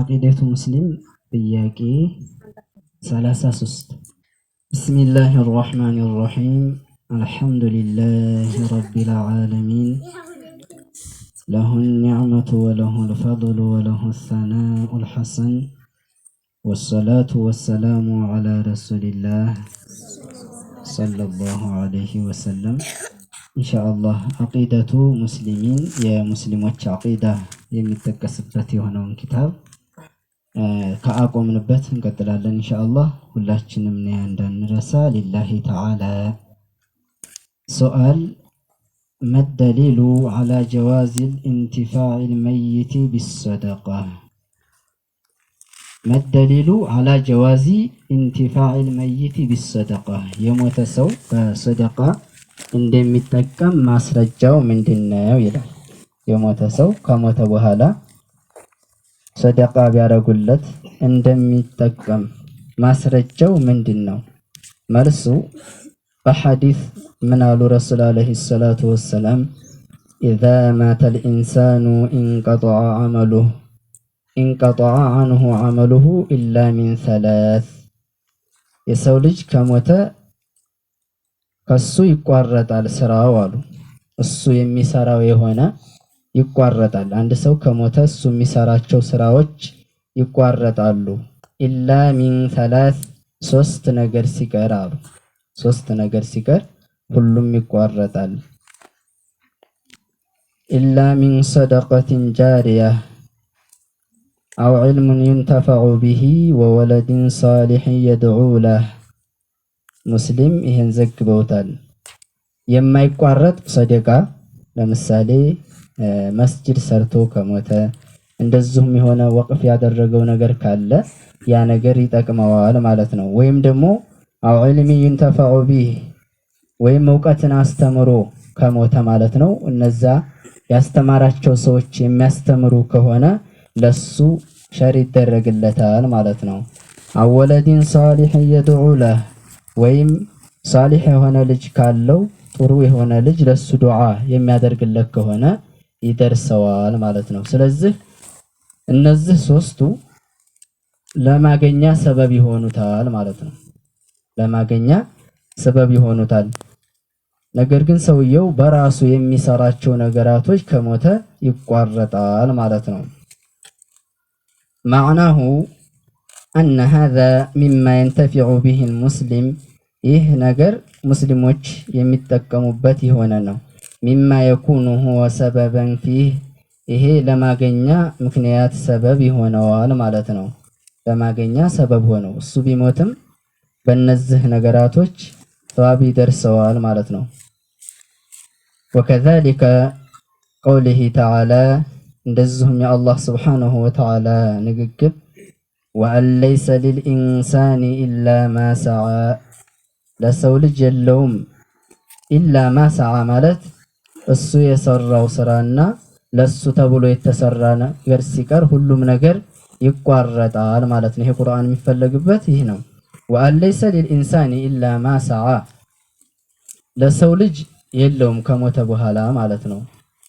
عقيدة مسلم ጥያቄ سست بسم الله الرحمن الرحيم الحمد لله رب العالمين له النعمة وله الفضل وله الثناء الحسن والصلاة والسلام على رسول الله صلى الله عليه وسلم إن شاء الله عقيدة مسلمين يا مسلمات عقيدة سبتي هنا كتاب ከአቆምንበት እንቀጥላለን እንሻአላ ሁላችንም ነያ እንዳንረሳ ሊላሂ ተዓላ ሶአል መደሊሉ ዐላ ጀዋዝ ኢንቲፋዒል ልመይት ብሰደቃ መደሊሉ ዐላ ጀዋዚ ኢንቲፋዒል ልመይት ቢሰደቃ የሞተ ሰው በሰደቃ እንደሚጠቀም ማስረጃው ምንድነው ይላል። የሞተ ሰው ከሞተ በኋላ ሰደቃ ቢያደርጉለት እንደሚጠቀም ማስረጃው ምንድን ነው? መልሱ በሐዲስ ምን አሉ ረሱል ዓለይሂ ሰላቱ ወሰላም ኢዛ ማተል ኢንሳኑ ኢንቀጠዐ ዐመሉሁ ኢንቀጠዐ ዐንሁ ዐመሉሁ ኢላ ሚን ሰላስ የሰው ልጅ ከሞተ ከሱ ይቋረጣል ስራው አሉ እሱ የሚሰራው የሆነ ይቋረጣል። አንድ ሰው ከሞተ እሱ የሚሰራቸው ስራዎች ይቋረጣሉ። ኢላ ሚን ሰላስ ሶስት ነገር ሲቀር አሉ። ሶስት ነገር ሲቀር ሁሉም ይቋረጣል። ኢላ ሚን ሰደቀትን ጃሪያ አው ዕልሙን ዩንተፈዑ ብሂ ወወለድን ሳሊሕን የድዑ ለህ። ሙስሊም ይህን ዘግበውታል። የማይቋረጥ ሰደቃ ለምሳሌ መስጅድ ሰርቶ ከሞተ እንደዚሁም የሆነ ወቅፍ ያደረገው ነገር ካለ ያ ነገር ይጠቅመዋል ማለት ነው። ወይም ደግሞ አው ዩንተፈዑ ቢህ ወይም እውቀትን አስተምሮ ከሞተ ማለት ነው። እነዛ ያስተማራቸው ሰዎች የሚያስተምሩ ከሆነ ለሱ ሸር ይደረግለታል ማለት ነው። አወለዲን ሳሊሕ የድዑ ለህ ወይም ሳሊሕ የሆነ ልጅ ካለው ጥሩ የሆነ ልጅ ለሱ ዱዓ የሚያደርግለት ከሆነ ይደርሰዋል ማለት ነው። ስለዚህ እነዚህ ሶስቱ ለማገኛ ሰበብ ይሆኑታል ማለት ነው። ለማገኛ ሰበብ ይሆኑታል። ነገር ግን ሰውየው በራሱ የሚሰራቸው ነገራቶች ከሞተ ይቋረጣል ማለት ነው። ማዕናሁ አነ ሃዛ ሚማ የንተፊዑ ቢሂ አልሙስሊም ይህ ነገር ሙስሊሞች የሚጠቀሙበት የሆነ ነው። ሚማ የኩኑ ሁወ ሰበበን ፊህ ይሄ ለማገኛ ምክንያት ሰበብ ይሆነዋል ማለት ነው። ለማገኛ ሰበብ ሆነው እሱ ቢሞትም በእነዚህ ነገራቶች ሰዋብ ይደርሰዋል ማለት ነው። ወከዛሊከ ቀውሊሂ ተዓላ እንደዚሁም የአላህ ስብሓነሁ ወተዓላ ንግግር ወአን ለይሰ ሊልኢንሳኒ ኢላ ማ ሰዓ ለሰው ልጅ የለውም ኢላ ማ ሰዓ ማለት እሱ የሰራው ስራና ለሱ ተብሎ የተሰራ ነገር ሲቀር ሁሉም ነገር ይቋረጣል ማለት ነው። ይሄ ቁርአን የሚፈለግበት ይህ ነው። ወአለይሰ ለይሰ ሊልኢንሳኒ ኢላ ማ ሰዓ ለሰው ልጅ የለውም ከሞተ በኋላ ማለት ነው።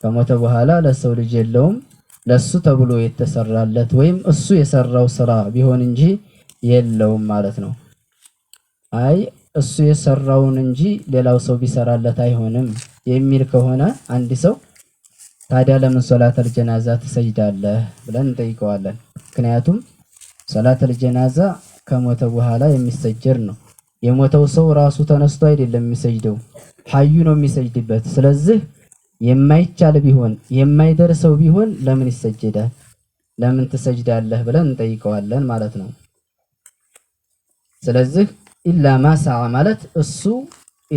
ከሞተ በኋላ ለሰው ልጅ የለውም ለሱ ተብሎ የተሰራለት ወይም እሱ የሰራው ስራ ቢሆን እንጂ የለውም ማለት ነው። አይ እሱ የሰራውን እንጂ ሌላው ሰው ቢሰራለት አይሆንም። የሚል ከሆነ አንድ ሰው ታዲያ ለምን ሶላተል ጀናዛ ትሰጅዳለህ ብለን እንጠይቀዋለን። ምክንያቱም ሶላተል ጀናዛ ከሞተ በኋላ የሚሰጀር ነው። የሞተው ሰው ራሱ ተነስቶ አይደለም የሚሰጅደው ሀዩ ነው የሚሰጅድበት ስለዚህ የማይቻል ቢሆን የማይደርሰው ቢሆን ለምን ይሰጀዳል? ለምን ትሰጅዳለህ ብለን እንጠይቀዋለን ማለት ነው። ስለዚህ ኢላ ማሳ ማለት እሱ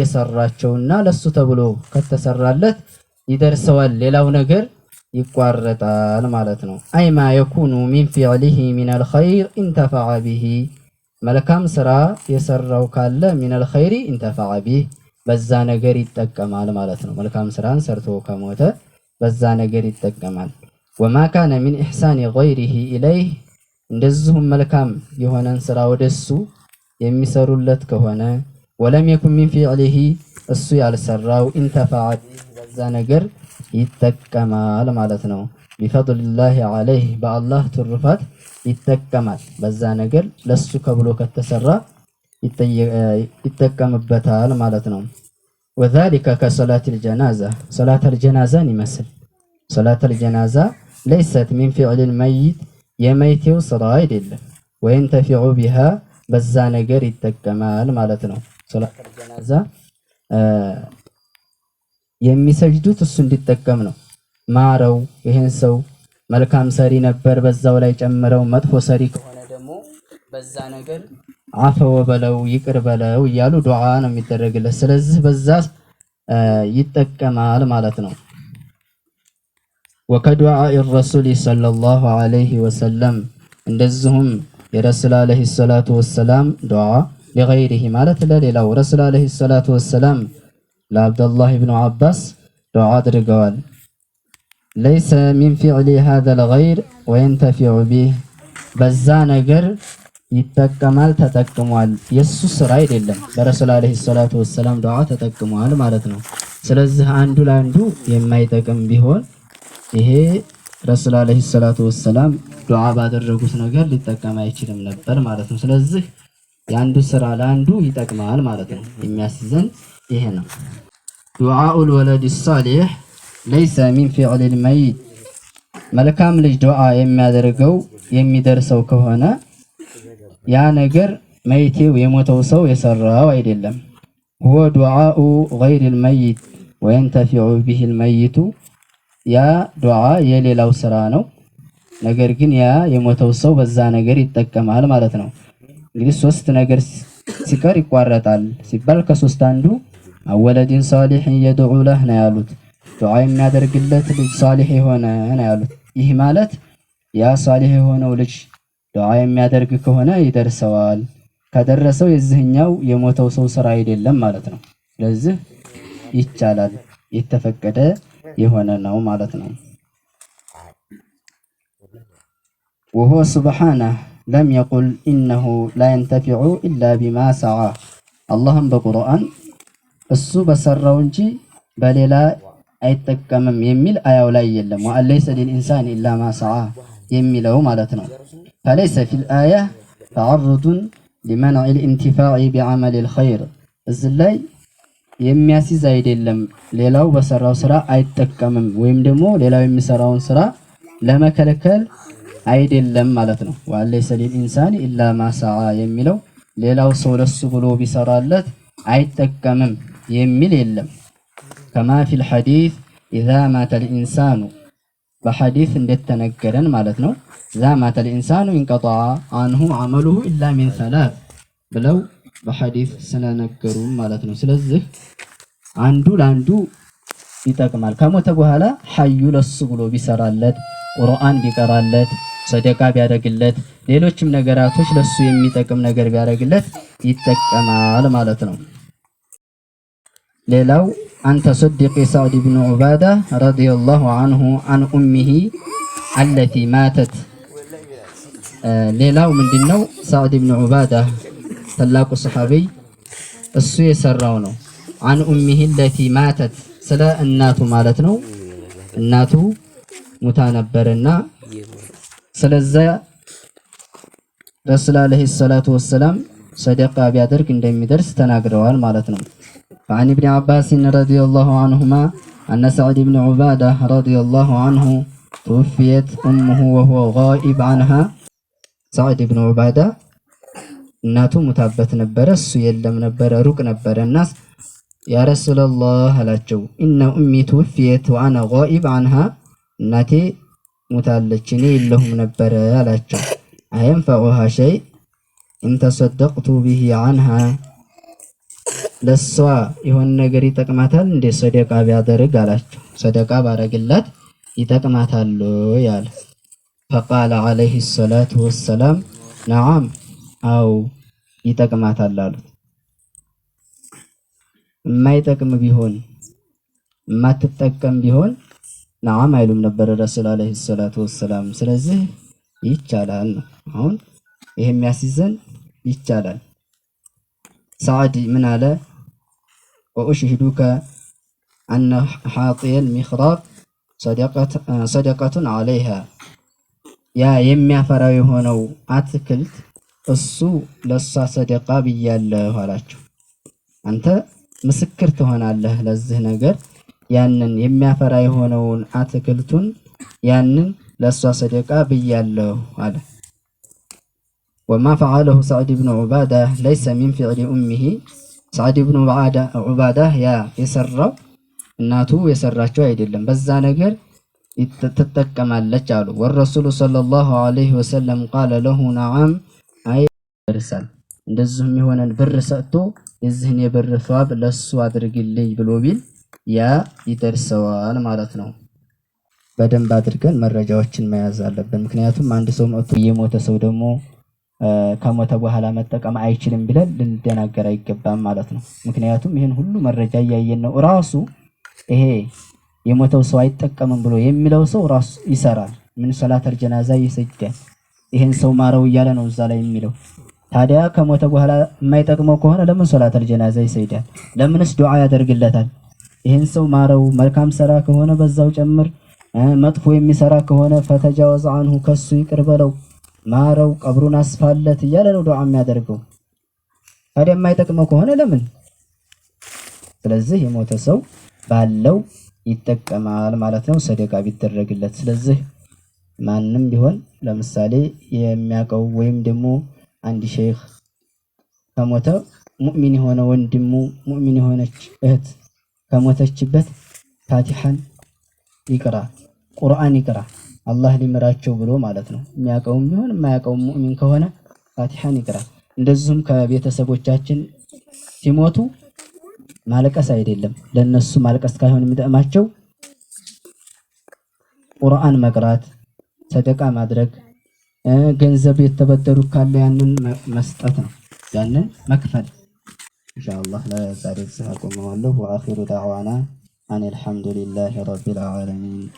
የሰራቸውና ለሱ ተብሎ ከተሰራለት ይደርሰዋል፣ ሌላው ነገር ይቋረጣል ማለት ነው። አይማ የኩኑ ሚን ፊዕሊሂ ሚነል ኸይር ኢንተፈዐ ቢሂ መልካም ስራ የሰራው ካለ ሚነል ኸይሪ ኢንተፈዐ ቢሂ በዛ ነገር ይጠቀማል ማለት ነው። መልካም ስራን ሰርቶ ከሞተ በዛ ነገር ይጠቀማል። ወማ ካነ ሚን ኢሕሳኒ ገይሪሂ ኢለይህ እንደዚሁም መልካም የሆነን ስራ ወደሱ የሚሰሩለት ከሆነ ወለም የኩን ሚን ፊዕሊሂ እሱ ያልሰራው ኢንተፋዐ በዛ ነገር ይጠቀማል ማለት ነው። ቢፈድሊላሂ ዐለይህ በአላህ ትሩፋት ይጠቀማል። በዛ ነገር ለሱ ከብሎ ከተሰራ ይጠቀምበታል ማለት ነው። ወዛሊከ ከሶላቲል ጀናዛ ሶላተል ጀናዛን ይመስል ሶላተል ጀናዛ ለይሰት ሚን ፊዕሊል መይት የመይቴው ስራ አይደለም። ወይንተፊዑ ቢሃ በዛ ነገር ይጠቀማል ማለት ነው። ሶላት ጀናዛ የሚሰጅዱት እሱ እንዲጠቀም ነው። ማረው ይሄን ሰው መልካም ሰሪ ነበር፣ በዛው ላይ ጨምረው። መጥፎ ሰሪ ከሆነ ደግሞ በዛ ነገር አፈወ በለው ይቅር በለው እያሉ ዱዓ ነው የሚደረግለት። ስለዚህ በዛ ይጠቀማል ማለት ነው። ወከዱዓ ረሱል ሰለላሁ ዐለይሂ ወሰለም እንደዚሁም የረሱል ዐለይሂ ሰላቱ ወሰላም ዱዓ ሊገይሪሂ ማለት ለሌላው ረሱል ዓለይሂ ሰላቱ ወሰላም ለአብደላህ ብኑ አባስ ዱዓ አድርገዋል። ለይሰ ሚን ፊዕሊ ሃዘል ገይር ወየንተፊዑ ቢህ በዛ ነገር ይጠቀማል ተጠቅሟል። የሱ ስራ አይደለም። ለረሱል ዓለይሂ ሰላቱ ወሰላም ዱዓ ተጠቅሟል ማለት ነው። ስለዚህ አንዱ ለአንዱ የማይጠቅም ቢሆን ይሄ ረሱል ዓለይሂ ሰላቱ ወሰላም ዱዓ ባደረጉት ነገር ሊጠቀም አይችልም ነበር ማለት ነው። ስለዚህ የአንዱ ስራ ለአንዱ ይጠቅማል ማለት ነው። የሚያስይዘን ይሄ ነው። ዱዓኡል ወለድ ሳሌሕ ለይሰ ሚን ፊዕሊል መይት መልካም ልጅ ዱዓ የሚያደርገው የሚደርሰው ከሆነ ያ ነገር መይቴው የሞተው ሰው የሰራው አይደለም። ሁወ ዱዓኡ ገይሪል መይት ወየንተፊዑ ቢሂል መይቱ ያ ዱዓ የሌላው ስራ ነው። ነገር ግን ያ የሞተው ሰው በዛ ነገር ይጠቀማል ማለት ነው። እንግዲህ ሶስት ነገር ሲቀር ይቋረጣል ሲባል ከሶስት አንዱ አወለዲን ሳሊሕ የድዑ ለህ ነው ያሉት። ዱዓ የሚያደርግለት ልጅ ሳሊሕ የሆነ ነው ያሉት። ይህ ማለት ያ ሳሊሕ የሆነው ልጅ ዱዓ የሚያደርግ ከሆነ ይደርሰዋል። ከደረሰው የዚህኛው የሞተው ሰው ስራ አይደለም ማለት ነው። ስለዚህ ይቻላል፣ የተፈቀደ የሆነ ነው ማለት ነው። ወሆ ሱብሓነህ ለም የቁል ኢነሁ ላየንተፊዑ ኢላ ቢማ ሰራ። አላህም በቁርአን እሱ በሰራው እንጂ በሌላ አይጠቀምም የሚል አያው ላይ የለም። ወአለይሰ ሊልኢንሳን ኢላ ማ ሰዓ የሚለው ማለት ነው። ፈለይሰ ፊል አያ ተዓርዱን ሊመንዕ ልኢንቲፋዕ ቢዓመል ልኸይር እዚ ላይ የሚያስይዝ አይደለም። ሌላው በሰራው ስራ አይጠቀምም ወይም ደግሞ ሌላው የሚሰራውን ስራ ለመከልከል አይደለም ማለት ነው። ወለይሰ ኢንሳን ኢላ ማሳዓ የሚለው ሌላው ሰው ለሱ ብሎ ቢሰራለት አይጠቀምም የሚል የለም። ከማ ፊል ሐዲስ ኢዛ ማተል ኢንሳኑ በሐዲስ እንደተነገረን ማለት ነው። ኢዛ ማተል ኢንሳኑ ኢንቀጠዐ አንሁ አመሉሁ ኢላ ሚን ሰላት ብለው በሐዲስ ስለነገሩ ማለት ነው። ስለዚህ አንዱ ለአንዱ ይጠቅማል። ከሞተ በኋላ ሐዩ ለሱ ብሎ ቢሰራለት ቁርአን ቢቀራለት ሰደቃ ቢያደርግለት ሌሎችም ነገራቶች ለሱ የሚጠቅም ነገር ቢያደርግለት ይጠቀማል ማለት ነው። ሌላው አንተ ሰድቂ ሳዕድ ብን ዑባዳ ረዲየላሁ አንሁ አን ኡሚሂ አለቲ ማተት። ሌላው ምንድነው? ሳዕድ ብን ዑባዳ ታላቁ ሰሐቢይ እሱ የሰራው ነው። አን ኡሚሂ አለቲ ማተት፣ ስለ እናቱ ማለት ነው። እናቱ ሙታ ነበርና ስለዛ ረሱል አለይሂ ሰላቱ ወሰላም ሰደቃ ቢያደርግ እንደሚደርስ ተናግረዋል ማለት ነው። ወአን ኢብኑ አባስ ረዲየላሁ ዐንሁማ አነ ሰዕድ ብን ዑባዳ ረዲየላሁ ዐንሁ ተወፍየት ኡሙሁ ወሁወ ጋኢብ ዐንሃ። ሰዕድ ኢብኑ ዑባዳ እናቱ ሙታበት ነበረ፣ እሱ የለም ነበረ፣ ሩቅ ነበረ እና ያ ረሱለላህ አላቸው፣ ኢነ ኡሚ ተወፍየት ወአነ ጋኢብ ዐንሃ እናቴ ሙታለች እኔ የለሁም ነበረ አላቸው። አየንፈዑሃ ሸይ እንተሰደቅቱ ብሂ አንሃ ለሷ የሆን ነገር ይጠቅማታል እንደ ሰደቃ ቢያደርግ አላቸው። ሰደቃ ባረግላት ይጠቅማታል ያለ ፈቃለ ዓለይህ ሰላቱ ወሰላም ነዓም አው ይጠቅማታል አሉት። የማይጠቅም ቢሆን የማትጠቀም ቢሆን ናም አይሉም ነበር ረሱል አለይሂ ሰላቱ ወሰላም። ስለዚህ ይቻላል ነው። አሁን ይሄ የሚያስይዘን ይቻላል። ሰዓድ ምን አለ? ወኡሽሂዱከ አነ ሐጢየል ሚኽራብ ሰደቀቱን አለይሃ ያ የሚያፈራው የሆነው አትክልት እሱ ለእሷ ሰደቃ ብያለሁ አላቸው። አንተ ምስክር ትሆናለህ ለዚህ ነገር ያንን የሚያፈራ የሆነውን አትክልቱን ያንን ለእሷ ሰደቃ ብያለሁ አለ። ወማ ፈዓለሁ ሰዕድ ብኑ ዑባዳ ለይሰ ሚን ፊዕሊ ኡሚሂ። ሰዕድ ብኑ ዑባዳ ያ የሰራው እናቱ የሰራቸው አይደለም፣ በዛ ነገር ትጠቀማለች አሉ። ወረሱሉ ሰለላሁ ዐለይሂ ወሰለም ቃለ ለሁ ነዓም፣ አይ ይደርሳል። እንደዚሁም የሆነን ብር ሰጥቶ የዚህን የብር ሰዋብ ለሱ አድርግልኝ ብሎ ቢል ያ ይደርሰዋል ማለት ነው። በደንብ አድርገን መረጃዎችን መያዝ አለብን። ምክንያቱም አንድ ሰው መቶ የሞተ ሰው ደግሞ ከሞተ በኋላ መጠቀም አይችልም ብለን ልንደናገር አይገባም ማለት ነው። ምክንያቱም ይህን ሁሉ መረጃ እያየን ነው። ራሱ ይሄ የሞተው ሰው አይጠቀምም ብሎ የሚለው ሰው ራሱ ይሰራል። ምን ሰላተል ጀናዛ ይሰጃል፣ ይህን ሰው ማረው እያለ ነው እዛ ላይ የሚለው። ታዲያ ከሞተ በኋላ የማይጠቅመው ከሆነ ለምን ሶላተል ጀናዛ ይሰግዳል? ለምንስ ዱዓ ያደርግለታል? ይህን ሰው ማረው። መልካም ሰራ ከሆነ በዛው ጨምር፣ መጥፎ የሚሰራ ከሆነ ፈተጃወዝ አንሁ ከሱ ይቅር በለው ማረው፣ ቀብሩን አስፋለት እያለ ነው ዱዓ የሚያደርገው። ታዲያ የማይጠቅመው ከሆነ ለምን? ስለዚህ የሞተ ሰው ባለው ይጠቀማል ማለት ነው፣ ሰደቃ ቢደረግለት። ስለዚህ ማንም ቢሆን ለምሳሌ የሚያውቀው ወይም ደግሞ አንድ ሼህ ከሞተ ሙእሚን የሆነ ወንድሙ ሙእሚን የሆነች እህት ከሞተችበት ፋቲሐን ይቅራ፣ ቁርአን ይቅራ፣ አላህ ሊምራቸው ብሎ ማለት ነው። የሚያውቀውም ቢሆን የማያውቀውም ሙእሚን ከሆነ ፋቲሐን ይቅራ። እንደዚሁም ከቤተሰቦቻችን ሲሞቱ ማለቀስ አይደለም ለነሱ ማለቀስ ካይሆን የሚጠቅማቸው ቁርአን መቅራት፣ ሰደቃ ማድረግ፣ ገንዘብ የተበደሩ ካለ ያንን መስጠት ነው፣ ያንን መክፈል إن شاء الله لا يزال سهكم الله وآخر دعوانا أن الحمد لله رب العالمين